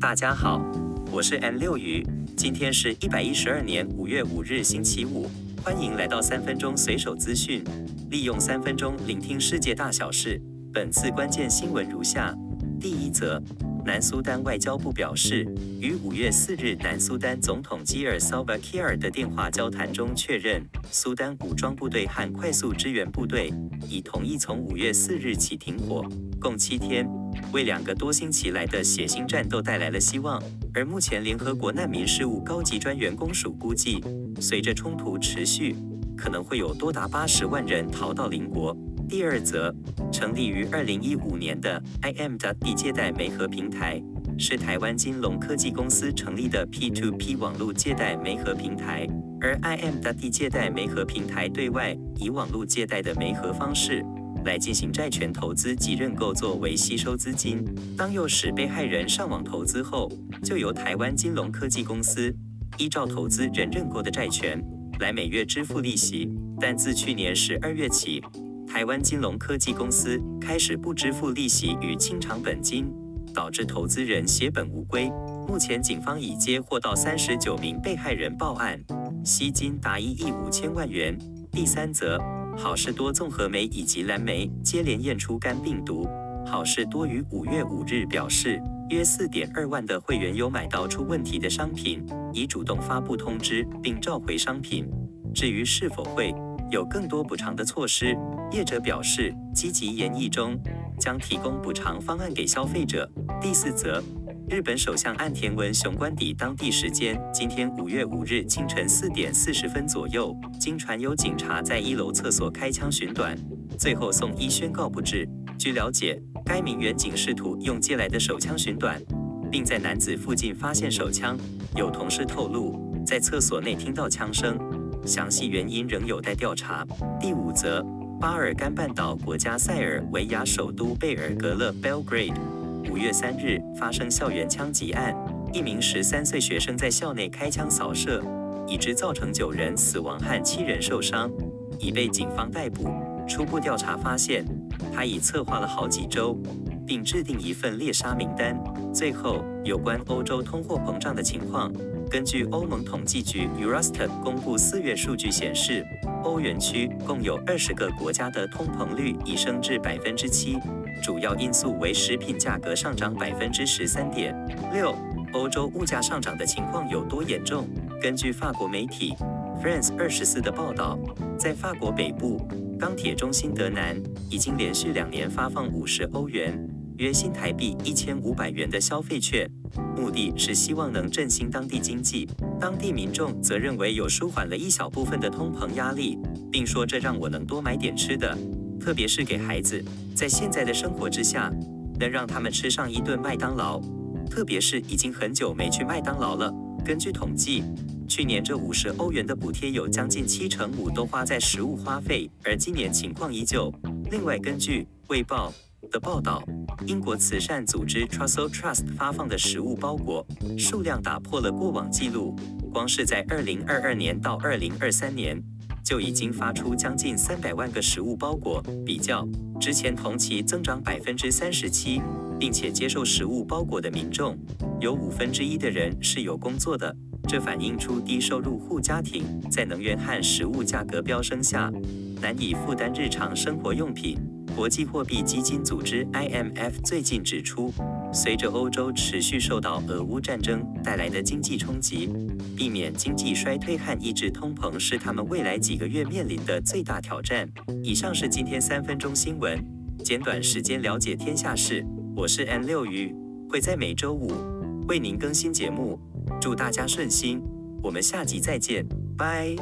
大家好，我是 M 六魚，今天是一百一十二年五月五日星期五，歡迎來到三分鐘隨手資訊，利用三分鐘聆聽世界大小事。本次關鍵新聞如下：第一則。南蘇丹外交部表示，於五月四日，南蘇丹總統基爾·薩瓦凱爾的電話交談中確認，蘇丹武裝部隊和快速支援部隊已同意從五月四日起停火，共七天，為兩個多星期來的血腥戰鬥帶來了希望。而目前，聯合國難民事務高級專員公署估計，隨着衝突持續，可能會有多達八十萬人逃到鄰國。第二則，成立於二零一五年的 IMW 借貸媒合平台，是台灣金融科技公司成立的 P2P 網絡借貸媒合平台。而 IMW 借貸媒合平台對外以網絡借貸的媒合方式，來進行債權投資及認購，作為吸收資金。當誘使被害人上網投資後，就由台灣金融科技公司依照投資人認購的債權，來每月支付利息。但自去年十二月起，台灣金融科技公司開始不支付利息與清償本金，導致投資人血本無歸。目前警方已接獲到三十九名被害人報案，吸金達一億五千萬元。第三則，好市多綜合莓以及藍莓接連驗出肝病毒。好市多於五月五日表示，約四點二萬的會員有買到出問題的商品，已主動發布通知並召回商品。至於是否會，有更多補償的措施，業者表示積極研議中，將提供補償方案給消費者。第四則，日本首相岸田文雄官邸，當地時間今天五月五日清晨四點四十分左右，驚傳有警察在一樓廁所開槍尋短，最後送醫宣告不治。據了解，該名員警試圖用借來的手槍尋短，並在男子附近發現手槍。有同事透露，在廁所內聽到槍聲。詳細原因仍有待調查。第五則：巴爾幹半島國家塞爾維亞首都貝爾格勒 （Belgrade） 五月三日發生校園槍擊案，一名十三歲學生在校內開槍掃射，已知造成九人死亡和七人受傷，已被警方逮捕。初步調查發現，他已策劃了好幾周，並制定一份獵殺名單。最後，有關歐洲通貨膨脹的情況。根據歐盟統計局 Eurostat 公佈四月數據顯示，歐元區共有二十個國家的通膨率已升至百分之七，主要因素為食品價格上漲百分之十三點六。歐洲物價上漲的情況有多嚴重？根據法國媒體 France 二十四的報道，在法國北部鋼鐵中心德南，已經連續兩年發放五十歐元。約新台幣一千五百元的消費券，目的是希望能振興當地經濟。當地民眾則認為有舒緩了一小部分的通膨壓力，並說這讓我能多買點吃的，特別是給孩子。在現在的生活之下，能讓他們吃上一頓麥當勞，特別是已經很久沒去麥當勞了。根據統計，去年這五十歐元的補貼有將近七成五都花在食物花費，而今年情況依舊。另外，根據衛報的報道英國慈善組織 Trussell Trust 發放的食物包裹數量打破了過往記錄，光是在2022年到2023年就已經發出將近三百萬個食物包裹，比較之前同期增長百分之三十七，並且接受食物包裹的民眾有五分之一的人是有工作的，這反映出低收入戶家庭在能源和食物價格飆升下難以負擔日常生活用品。國際貨幣基金組織 （IMF） 最近指出，隨着歐洲持續受到俄烏戰爭帶來的經濟衝擊，避免經濟衰退和抑制通膨是他們未來幾個月面臨的最大挑戰。以上是今天三分鐘新聞，簡短時間了解天下事。我是 M 六魚，會在每周五為您更新節目。祝大家順心，我們下集再見，拜。